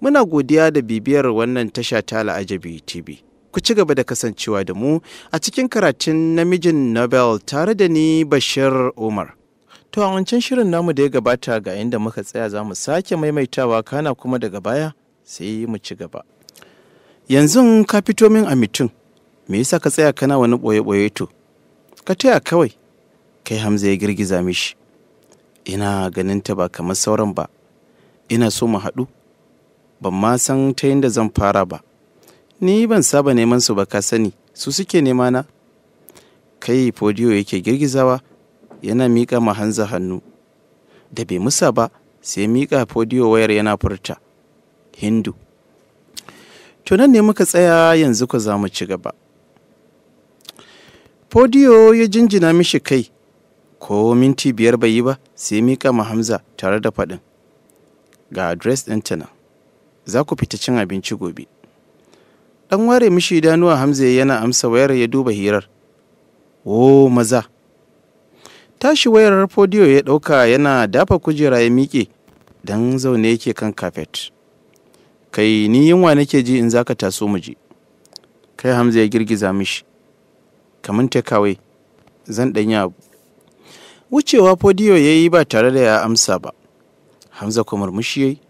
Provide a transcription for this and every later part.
Muna godiya da bibiyar wannan tasha ta Al'ajabi TV. Ku ci gaba da kasancewa da mu a cikin karatun namijin Nobel tare da ni Bashir Umar. To a wancan shirin namu da ya gabata ga inda muka tsaya za mu sake maimaitawa kana kuma daga baya sai mu ci gaba. Yanzu ka fito min a mutum, me yasa ka tsaya kana wani ɓoye-ɓoye to? Ka taya kawai, kai Hamza ya girgiza mishi. Ina ganin ta ba kamar sauran ba, ina so mu haɗu, ban ma san ta da zan fara ba ni ban saba neman su ba ka sani su suke nema na kai fodiyo yake girgizawa yana miƙa mahanza hannu da bai musa ba sai miƙa fodiyo wayar yana furta hindu to nan ne muka tsaya yanzu ku za mu ci gaba fodiyo ya jinjina mishi kai ko minti biyar bai yi ba sai miƙa hamza tare da faɗin ga adres ɗin nan za ku fita cin abinci gobe ɗan ware mishi idanuwa hamza yana amsa wayar ya duba hirar o maza tashi wayar fodiyo ya ɗauka yana dafa kujera ya miƙe don zaune yake kan kafet kai ni yunwa nake ji in zaka taso mu je kai hamza ya girgiza mishi kamar kawai zan ɗan abu wucewa fodiyo ya yi ba tare da ya amsa ba hamza kuma murmushi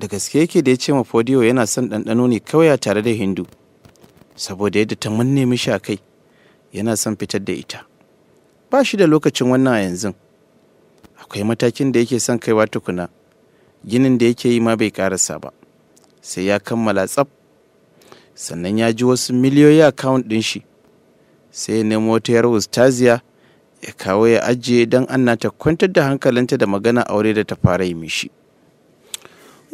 da gaske yake da ya ce ma yana son ɗanɗano ne kawai a tare da Hindu, saboda yadda ta manne mishi a kai yana son fitar da ita. Ba shi da lokacin wannan a yanzu. Akwai matakin da yake son kaiwa tukuna, ginin da yake yi ma bai karasa ba, sai ya kammala tsaf. Sannan ya ji wasu miliyoyi akawunt ɗin shi, sai ya nemo wata yar Ustaziya ya kawo ya ajiye don Anna ta kwantar da hankalinta da magana aure da ta fara yi mishi.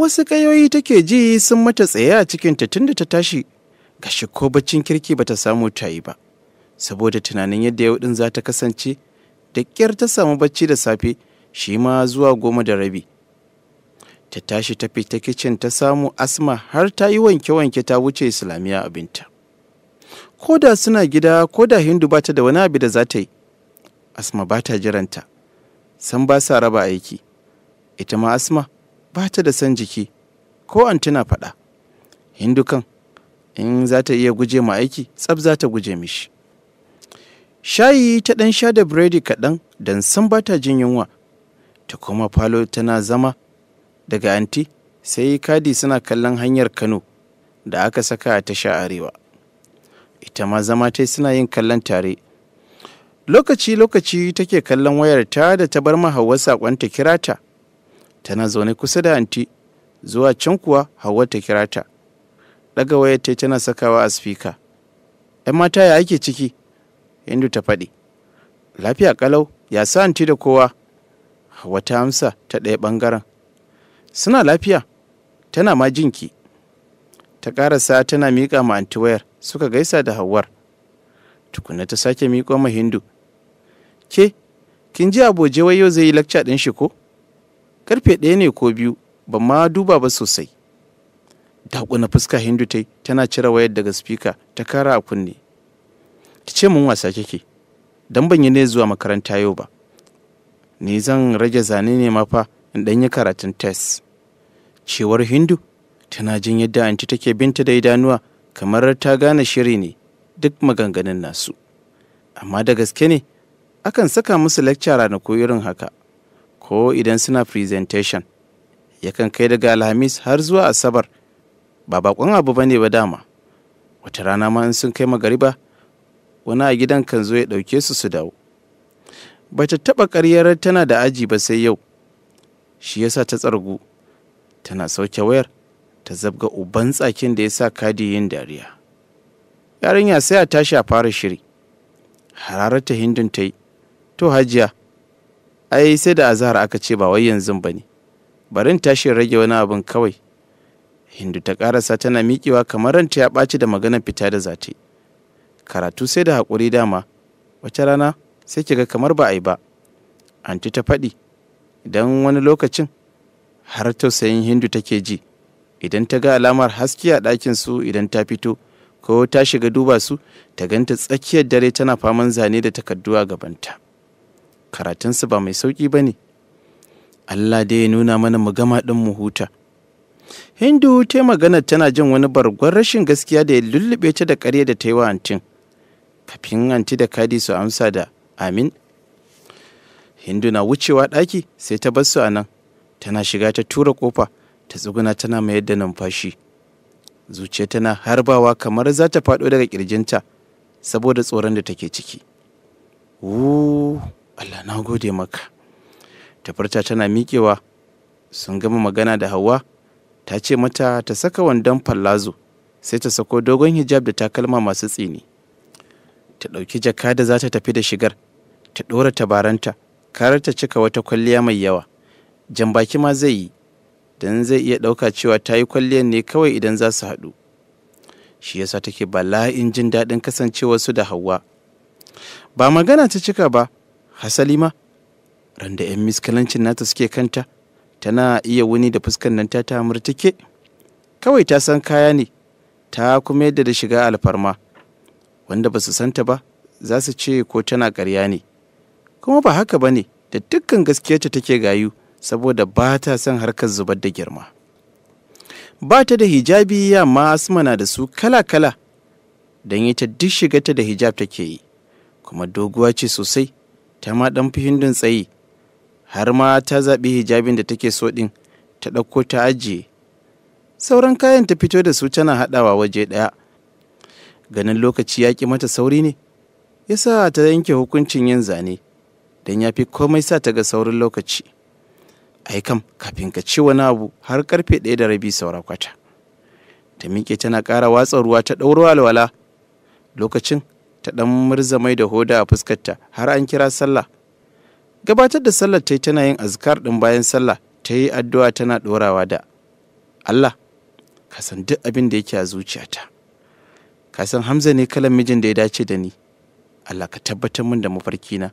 wasu kayoyi take ji sun mata tsaye a cikinta tun da ta tashi gashi ko baccin kirki bata samu ta yi ba saboda tunanin yadda yau din za ta kasance da ƙyar ta samu bacci da safe shi ma zuwa goma da rabi ta tashi ta fita kicin ta samu asma har ta yi wanke-wanke ta wuce islamiyya abinta ko da suna gida ko da hindu ba ta da wani abu da za ta yi asma ba ta jiranta san ba sa raba aiki ita ma asma ba ta da san jiki ko an tuna faɗa hindukan in za ta iya guje ma aiki tsab za ta guje mishi shayi ta ɗan sha da biredi kaɗan don san ba ta jin yunwa ta kuma falo tana zama daga anti sai kadi suna kallon hanyar kano da aka saka a tasha arewa ita ma zama ta suna yin kallon tare lokaci-lokaci take kallon wayar ta da ta bar mahawar saƙon ta kira ta tana zaune kusa da anti zuwa can kuwa hawa ta kira ta ɗaga wayar ta tana sakawa a sifika ‘yan mata ya ake ciki hindu ta faɗi lafiya kalau ya sa anti da kowa hawa ta amsa ta ɗaya ɓangaren suna lafiya tana ma jinki ta ƙarasa tana miƙa ma anti wayar suka gaisa da hawar tukuna ta sake miƙo ma hindu ke kin ji aboje yau zai yi lakca ɗin shi ko karfe ɗaya ne ko biyu ba ma duba ba sosai kuna fuska hindu ta tana cire wayar daga spika ta kara a kunne ta ce mun wasa kike dan ban yi ne zuwa makaranta yau ba ni zan rage zane ne ma fa in dan yi karatun test cewar hindu tana jin yadda anti take binta da idanuwa kamar ta gane shiri ne duk maganganun nasu amma da gaske ne akan saka musu lecture koyi irin haka ko idan suna presentation yakan kai daga alhamis har zuwa asabar ba bakon abu bane ba dama wata rana ma in sun kai ba. wani a gidan kan zo ya dauke su su dawo ba ta taɓa karyar tana da aji ba sai yau shi yasa ta tsargu tana sauke wayar ta zabga uban tsakin da ya sa kadi yin dariya yarinya sai a tashi a fara shiri hararar ta hindun ta yi to hajiya ai sai da azahar aka ce ba wai yanzu ba ne barin tashi rage wani abin kawai hindu ta karasa tana miƙewa kamar ranta ya ɓaci da maganar fita da zate karatu sai da haƙuri dama wata rana sai kiga kamar ba a yi ba anti ta faɗi idan wani lokacin har tausayin hindu take ji idan ta ga alamar haske a ɗakin su idan ta fito ko ta shiga duba su ta ganta tsakiyar dare tana faman zane da takardu a gabanta. karatunsu ba mai sauƙi ba ne allah dai ya nuna mana mu gama ɗin mu huta hindu ta yi magana tana jin wani bargon rashin gaskiya da ya lullube ta da ƙarya da ta yi wa antin kafin anti da kadi su amsa da amin hindu na wucewa ɗaki sai ta bar su a nan tana shiga ta tura kofa ta tsuguna tana mayar da numfashi zuciya tana harbawa kamar za ta faɗo daga ƙirjinta saboda tsoron da take ciki. Woo. Allah na gode maka tafarta tana miƙewa sun gama magana da hawa ta ce mata ta saka wandon fallazo sai ta sako dogon hijab da takalma masu tsini ta ɗauki jaka da za ta tafi da shigar ta ɗora tabaranta karar ta cika wata kwalliya mai yawa jan baki ma zai yi don zai iya ɗauka cewa ta yi kwalliyar ne kawai idan za su haɗu shi yasa take bala'in jin daɗin kasancewarsu da hawa ba magana ta cika ba hasali ma randa 'yan miskalancin nata suke kanta tana iya wuni da fuskan nan ta take kawai ta san kaya ne ta kuma yadda da shiga alfarma wanda ba su santa ba za su ce ko tana karya ne kuma ba haka ba ne da dukkan gaskiyarta take gayu saboda ba ta son harkar zubar da girma ba ta da hijabi yamma asma na da su kala-kala don ita duk shigarta da hijab take yi kuma doguwa ce sosai ta ma ɗan fi hindun tsayi har ma ta zaɓi hijabin da take so ɗin ta ɗauko ta ajiye sauran kayan ta fito da su tana haɗawa waje ɗaya ganin lokaci ya ƙi mata sauri ne Ya sa ta yanke hukuncin yin zane don ya fi komai sa ta ga saurin lokaci ai kam kafin ka ci wani abu har karfe ɗaya da rabi saura kwata ta miƙe tana ƙara watsa ruwa ta ɗauro alwala lokacin ta ɗan murza mai da hoda a fuskarta har an kira sallah gabatar da sallar ta yi tana yin azkar ɗin bayan sallah ta yi addu'a tana ɗorawa da Allah ka san duk abin da yake a zuciyata ka san Hamza ne kalan mijin da ya dace da ni Allah ka tabbatar min da mafarkina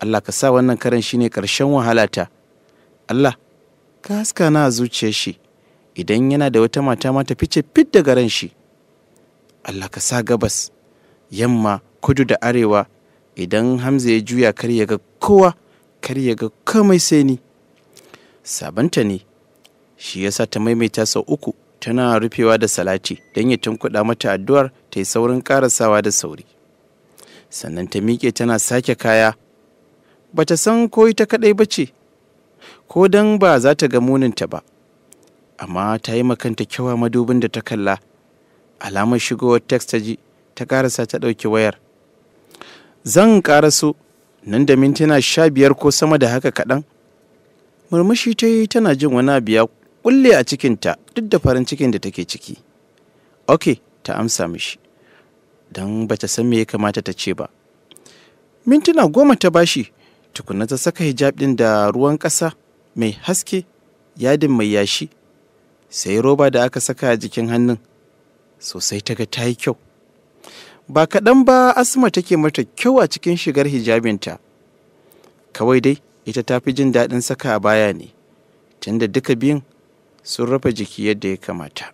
Allah ka sa wannan karan shine ƙarshen wahalata Allah ka haska na a zuciyar shi idan yana da wata mata ma ta fice fit daga ran shi Allah ka sa gabas yamma kudu da arewa idan hamza ya juya kar ya ga kowa kar ya ga komai sai ni sabanta ne shi yasa ta maimaita sau uku tana rufewa da salati don ya tunkuɗa mata addu'ar ta yi saurin ƙarasawa da sauri sannan ta miƙe tana sake kaya ba ta san ko ita kaɗai ba ce ko don ba za ta ga muninta ba amma ta yi makanta kyawa madubin da ta kalla alamar shigowar text ta ji ta karasa ta ɗauki wayar zan su nan da mintuna sha biyar ko sama da haka kaɗan murmushi ta yi tana jin wani abu ya kulle a cikinta duk da farin cikin da take ciki ok ta amsa mishi don bata san me ya kamata ta ce ba mintuna goma ta bashi tukuna ta saka hijab ɗin da ruwan ƙasa mai haske yadin mai yashi sai roba da aka saka a jikin hannun sosai ta ga ta yi kyau ba kaɗan ba asma take mata kyau a cikin shigar hijabinta kawai dai ita ta fi jin daɗin saka a baya ne tunda duka biyun sun rufe jiki yadda ya kamata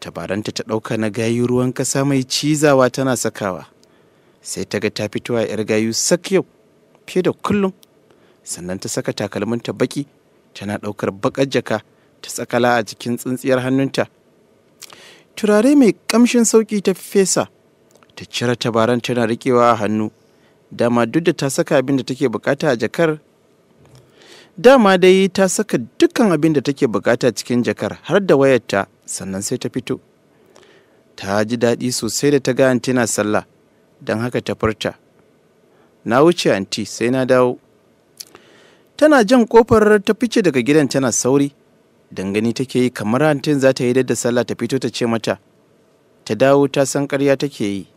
tabaranta ta ɗauka na gayu ruwan ƙasa mai cizawa tana sakawa sai ta ga ta fito a 'yar gayu sak yau fiye da kullum sannan ta saka takalminta baki tana ɗaukar baƙar jaka ta tsakala a cikin tsintsiyar hannunta turare mai ƙamshin sauƙi ta fesa ta cire tabaran tana rikewa a hannu dama duk da ta saka abin da take bukata a jakar dama dai ta saka dukkan abin da take bukata cikin jakar har da wayarta sannan sai ta fito ta ji daɗi sosai da ta ga anti na sallah don haka ta furta na wuce anti sai na dawo tana jan kofar ta fice daga gidan tana sauri dangane take yi kamar antin za ta yi da sallah ta fito ta ce mata ta dawo ta san ƙarya take yi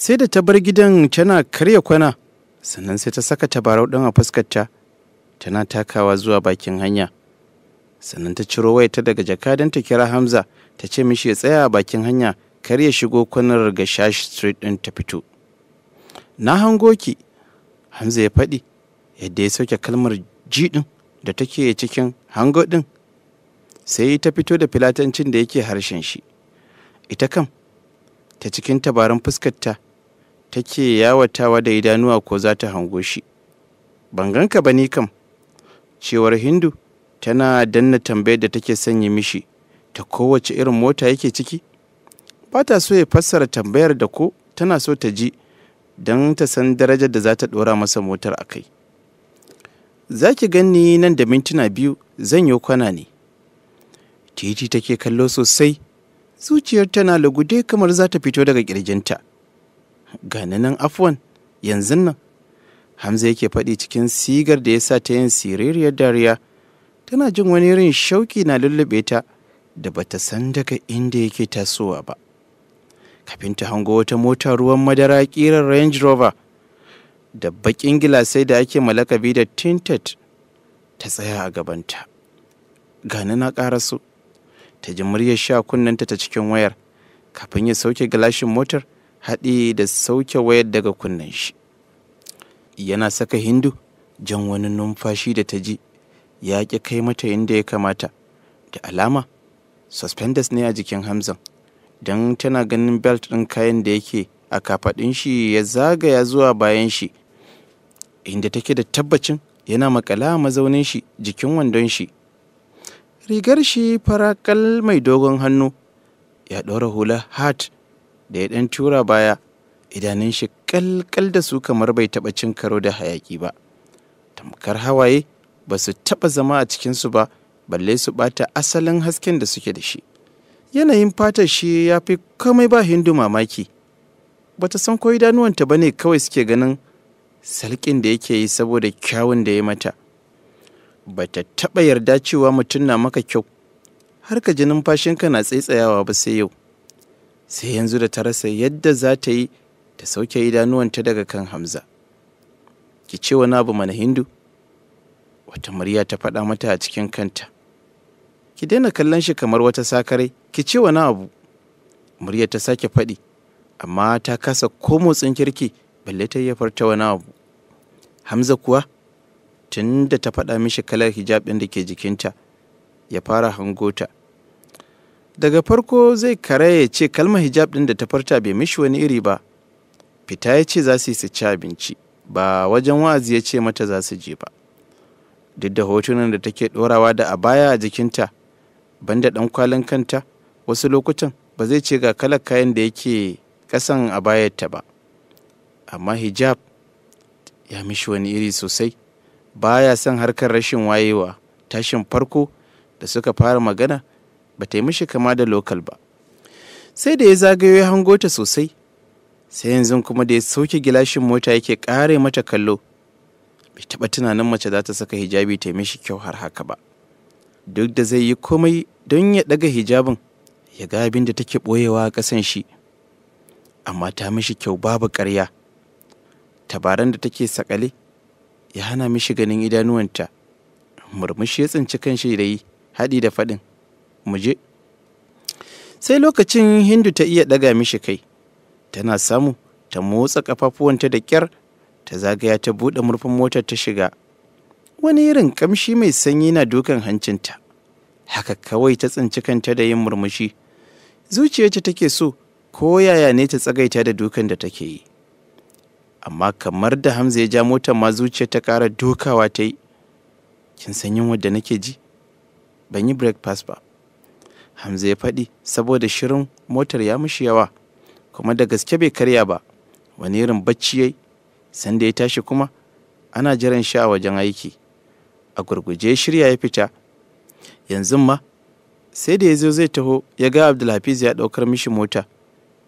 sai da ta bar gidan tana karya kwana sannan sai ta saka tabarau ɗin a fuskarta tana takawa zuwa bakin hanya sannan ta ciro wayarta daga jaka don ta kira hamza ta ce mishi ya tsaya a bakin hanya kar ya shigo kwanar ga shash street ɗin ta fito na hango ki hamza ya faɗi yadda ya sauke kalmar ji ɗin da take cikin hango ɗin sai ta fito da filatancin da yake harshen shi ita kam ta cikin tabaran fuskarta take yawatawa da idanuwa ko za ta hango shi ban ganka ba ni kam cewar hindu tana danna tambayar da take sanya mishi ta kowace irin mota yake ciki ba ta so ya fassara tambayar da ko tana so ta ji don ta san darajar da za ta ɗora masa motar a kai za ki gani nan da mintuna biyu zan yi kwana ne titi take kallo sosai zuciyar tana lugude kamar za ta fito daga ƙirjinta gani nan afwan yanzu nan hamza yake faɗi cikin sigar da ya sa ta yin siririyar dariya tana jin wani irin shauki na lullube ta da bata san daga inda yake tasowa ba kafin ta hango wata mota ruwan madara ƙirar range rover da bakin gilasai da ake malakabi da tinted ta tsaya a gabanta gani na su. ta ji muryar sha kunnanta ta cikin wayar kafin ya sauke gilashin motar haɗi da sauke wayar daga kunnen shi yana saka hindu jan wani numfashi da ta ji ya ƙi kai mata inda ya kamata da alama suspenders ne a jikin Hamza don tana ganin belt ɗin kayan da yake a kafaɗin shi ya zagaya zuwa bayan shi inda take da tabbacin yana makala mazaunin shi jikin wandon shi rigar shi farakal mai dogon hannu ya ɗora hula hat da ya ɗan tura baya idanun shi kalkal da su kamar bai taɓa cin karo da hayaƙi ba tamkar hawaye ba su taɓa zama a cikinsu ba balle su ɓata asalin hasken da suke da shi yanayin fatar shi ya fi komai ba hindu mamaki Ba ta san ko idanuwanta ba ne kawai suke ganin salkin da yake yi saboda kyawun da ya mata Ba ta taɓa yarda cewa mutum na maka kyau har ka ji numfashinka na tsaitsayawa ba sai yau sai yanzu da ta rasa yadda za ta yi ta sauke idanuwanta daga kan hamza ki ce wani abu mana hindu wata murya ta faɗa mata a cikin kanta ki daina kallon shi kamar wata sakare ki ce wani abu murya ta sake faɗi amma ta kasa ko motsin kirki balle ta iya farta wani abu hamza kuwa tun da ta faɗa mishi kalar hijab ɗin da ke jikinta ya fara hangota daga farko zai kare ya ce kalmar hijab ɗin da ta farta bai mishi wani iri ba fita ya ce za su yi su ci abinci ba wajen wa'azi ya ce mata za su je ba duk da hotunan da take ɗorawa da a baya a jikinta banda ɗan kwalin kanta wasu lokutan ba zai ce ga kalar kayan da yake kasan a bayarta ba amma hijab ya mishi wani iri sosai baya son harkar rashin wayewa tashin farko da suka fara magana ba ta yi mishi kama da lokal ba sai da ya zagayo ya hango ta sosai sai yanzu kuma da ya sauke gilashin mota yake kare mata kallo bai taɓa tunanin mace za ta saka hijabi ta yi mishi kyau har haka ba duk da zai yi komai don ya ɗaga hijabin ya ga abin da take ɓoyewa a ƙasan shi amma ta mishi kyau babu ƙarya tabaran da take sakale ya hana mishi ganin idanuwanta murmushi ya tsinci kan shi da yi haɗi da faɗin mu je sai lokacin hindu ta iya ɗaga mishi kai tana samu ta motsa ƙafafuwanta da ƙyar ta zagaya ta buɗe murfin motar ta shiga wani irin ƙamshi mai sanyi na dukan hancinta haka kawai ta tsinci kanta da yin murmushi zuciyarta take so ko yaya ne ta tsagaita da dukan da take yi amma kamar da hamza ya ja motar ma zuciyar ta ƙara dukawa ta yi kin san yin wadda nake ji ban yi breakfast ba Hamza ya faɗi saboda shirin motar ya mishi yawa kuma da gaske bai karya ba wani irin bacci yai. sanda ya tashi kuma ana jiran shi a wajen aiki a gurguje shirya ya fita yanzu ma sai da ya zo zai taho ya ga Abdulhafiz ya ɗaukar mishi mota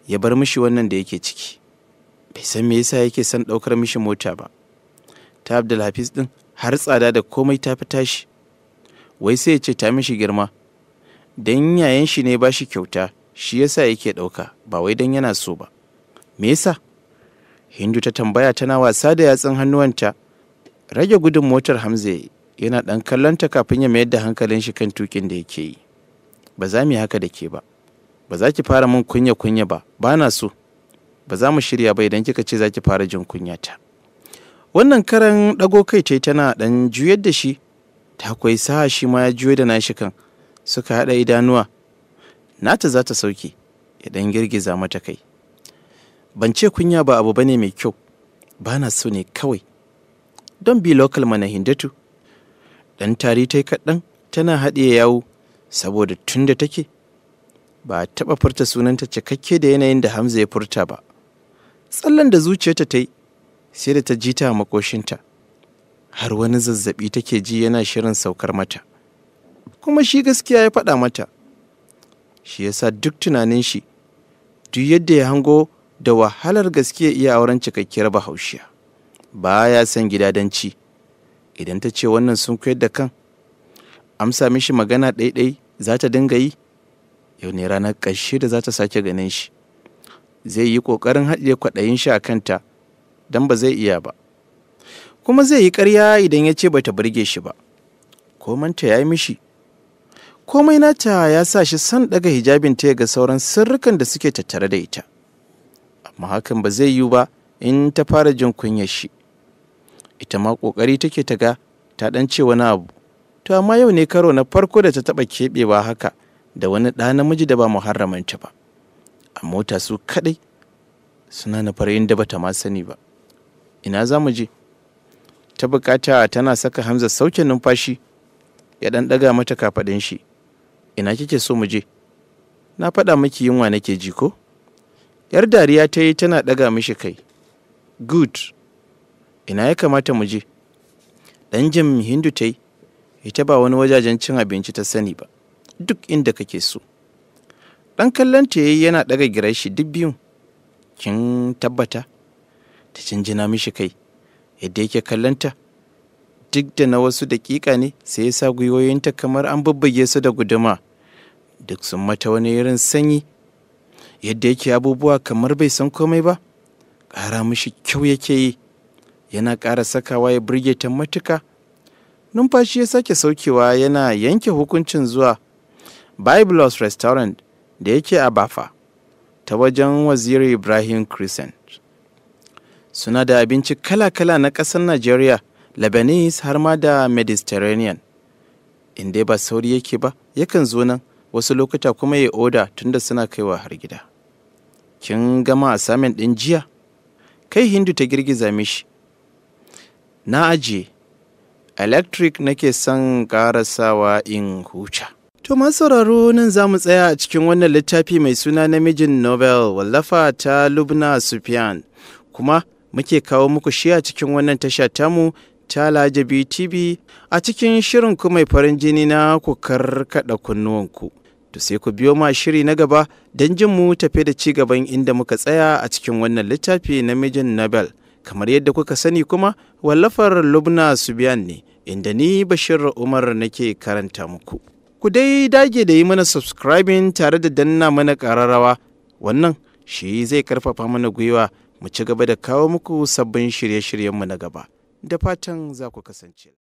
ya bar mishi wannan da yake ciki bai san me yasa yake son ɗaukar mishi mota ba ta Abdulhafiz din har tsada da komai ta fi tashi wai sai ya ce ta mishi girma don yayan shi ne ba shi kyauta shi yasa yake ɗauka ba wai don yana so ba me yasa hindu ta tambaya tana wasa da yatsun hannuwanta rage gudun motar hamza yana ɗan kallonta kafin ya mayar da hankalin shi kan tukin da yake yi ba za mu yi haka da ke ba ba za ki fara min kunya kunya ba ba na so ba za mu shirya ba idan kika ce za ki fara jin kunya ta wannan karan ɗago kai yi tana ɗan juyar da shi ta kwai sa shi ma ya juyar da nashi kan suka haɗa idanuwa nata za ta sauke ya ɗan girgiza mata kai ban ce kunya ba abu bane mai kyau ba na so ne kawai don bi lokal mana hindatu ɗan tari ta yi kaɗan tana haɗiye yawo saboda tun da take ba a taɓa furta sunanta cikakke da yanayin da hamza ya furta ba tsallan da zuciyarta ta yi sai da ta ji ta makoshinta har wani zazzaɓi take ji yana shirin saukar mata kuma shi gaskiya ya faɗa mata shi yasa duk tunanin shi duk yadda ya hango da wahalar gaskiya iya auren cikakkiyar bahaushiya ba ya san gida ci idan ta ce wannan sun koyar da kan amsa mishi magana ɗaiɗai za ta dinga yi yau ne ranar ƙarshe da za ta sake ganin shi zai yi ƙoƙarin haɗiye kwaɗayin shi a kanta don ba zai iya ba kuma zai yi ƙarya idan ya ce bata burge shi ba Ko manta ya yi mishi komai nata ya sa shi son daga hijabin ta ga sauran sirrukan da suke tattare da ita amma hakan ba zai yiwu ba in ta fara jin kunyar shi ita ma kokari take ta ga ta dan ce wani abu to amma yau ne karo na farko da ta taba keɓewa haka da wani ɗa namiji da ba mu haramanta ba a mota su kaɗai suna na yin da bata ma sani ba ina za mu je ta bukata tana saka hamza sauke numfashi ya ɗan ɗaga mata kafaɗin shi ina kike so mu je na faɗa miki yunwa nake ji ko yar dariya ta yi tana ɗaga mishi kai good ina ya kamata mu je ɗan jim hindu ta yi ita ba wani wajajen cin abinci ta sani ba duk inda kake so ɗan kallon ta yi yana ɗaga girar shi duk biyun kin tabbata ta jinjina mishi kai yadda yake ta. duk da na wasu daƙiƙa ne sai ya sa gwiwoyinta kamar an babbage su da guduma duk sun mata wani irin sanyi yadda yake abubuwa kamar bai san komai ba ƙara mishi kyau yake yi yana ƙara sakawa ya birge ta matuka numfashi ya sake saukewa yana yanke hukuncin zuwa biblos restaurant da yake a bafa ta wajen waziri ibrahim crescent suna da abinci kala-kala na ƙasar najeriya lebanese har ma da mediterranean inda ba sauri yake ba yakan zo nan wasu lokuta kuma ya oda tunda suna kaiwa har gida kin gama assignment ɗin jiya kai hindu ta girgiza mishi na ajiye electric nake son karasawa in huca. to sauraro nan za mu tsaya a cikin wannan littafi mai suna namijin nobel wallafa ta lubna sufyan kuma muke kawo muku shi a cikin wannan tasha tamu Tala Jabi TV a cikin shirin ku mai farin jini na ku karkada kunnuwanku. To sai ku biyo ma shiri na gaba don jin mu tafe da ci gaban inda muka tsaya a cikin wannan littafi na mijin Nobel. Kamar yadda kuka sani kuma wallafar Lubna Subiyan ne inda ni Bashir Umar nake karanta muku. Ku dai dage da yi mana subscribing tare da danna mana ƙararrawa. Wannan shi zai karfafa mana gwiwa mu ci gaba da kawo muku sabbin shirye-shiryenmu na gaba. da fatan za ku kasance.